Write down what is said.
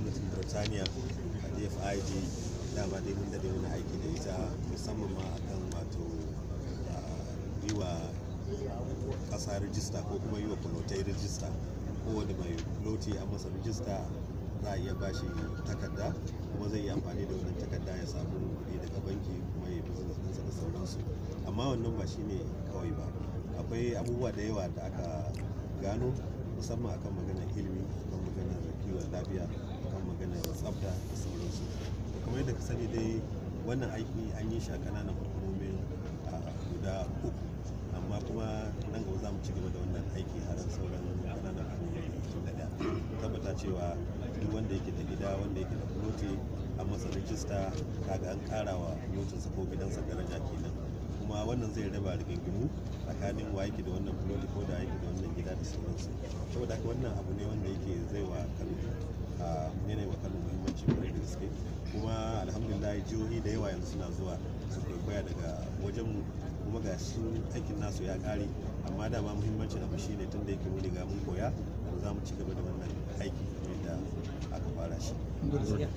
gwamnatin birtaniya a dfid dama dai mun daɗe muna aiki da ita musamman ma akan wato yiwa kasa rijista ko kuma yiwa kulotai rijista kowane mai kuloti a masa rijista za a iya bashi takarda kuma zai yi amfani da wannan takarda ya samu kuɗi daga banki kuma ya business ɗinsa da sauransu amma wannan ba shi ne kawai ba akwai abubuwa da yawa da aka gano musamman akan maganar ilimi akan maganar kiwon lafiya ka sani dai wannan aiki an yi shi a kananan hukumomin guda uku amma kuma nan gaba za mu ci gaba da wannan aiki har sauran kananan hukumomin da da tabbata cewa duk wanda yake da gida wanda yake da kuloti a masa rijista kaga an kara wa kulotinsa ko gidansa daraja kenan kuma wannan zai raba rigingimu tsakanin wa yake da wannan kuloti ko da yake da wannan gida da sauransu saboda haka wannan abu ne wanda yake zai wa kano alhamdulillah jihohi da yawa yanzu suna zuwa su kwaikwaya daga wajenmu kuma ga su aikin nasu ya kare amma dama muhimmancin abu ne tun da yake mun riga mun koya za mu ci gaba da wannan aiki da aka fara shi